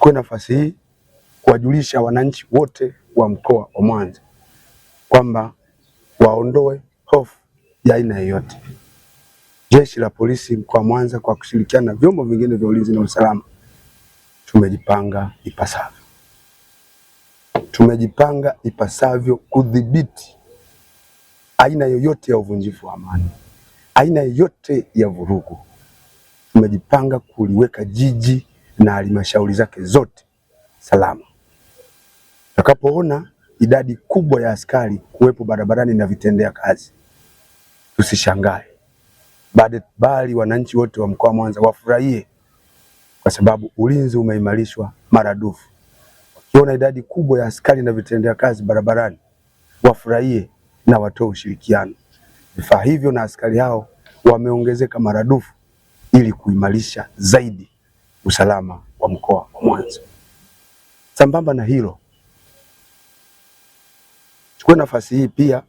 Nichukue nafasi hii kuwajulisha wananchi wote wa mkoa wa Mwanza kwamba waondoe hofu ya aina yoyote. Jeshi la polisi mkoa wa Mwanza kwa kushirikiana na vyombo vingine vya ulinzi na usalama tumejipanga ipasavyo, tumejipanga ipasavyo kudhibiti aina yoyote ya uvunjifu wa amani, aina yoyote ya vurugu. Tumejipanga kuliweka jiji na halmashauri zake zote salama. takapoona idadi kubwa ya askari kuwepo barabarani na vitendea kazi, tusishangae, bali wananchi wote wa mkoa wa Mwanza wafurahie, kwa sababu ulinzi umeimarishwa maradufu. Wakiona idadi kubwa ya askari na vitendea kazi barabarani, wafurahie na watoe ushirikiano. Vifaa hivyo na askari hao wameongezeka maradufu ili kuimarisha zaidi usalama wa mkoa wa Mwanza. Sambamba na hilo, chukua nafasi hii pia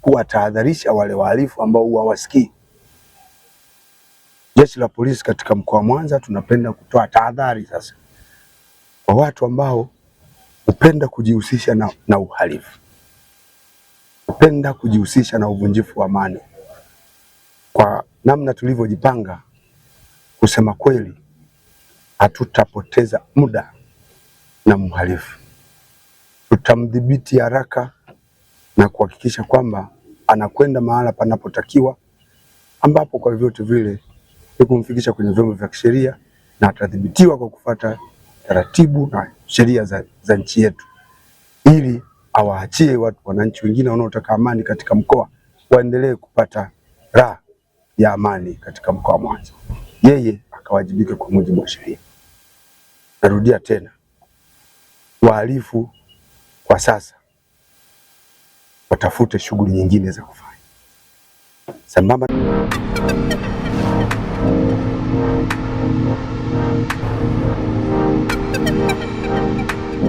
kuwatahadharisha wale wahalifu ambao huwa wasikii. Jeshi la polisi katika mkoa wa Mwanza tunapenda kutoa tahadhari sasa kwa watu ambao hupenda kujihusisha na, na uhalifu, hupenda kujihusisha na uvunjifu wa amani. Kwa namna tulivyojipanga, kusema kweli hatutapoteza muda na mhalifu, tutamdhibiti haraka na kuhakikisha kwamba anakwenda mahala panapotakiwa, ambapo kwa vyovyote vile ni kumfikisha kwenye vyombo vya kisheria na atadhibitiwa kwa kufuata taratibu na sheria za, za nchi yetu, ili awaachie watu wananchi wengine wanaotaka amani katika mkoa waendelee kupata raha ya amani katika mkoa wa Mwanza, yeye akawajibike kwa mujibu wa sheria narudia tena, wahalifu kwa sasa watafute shughuli nyingine za kufanya sambamba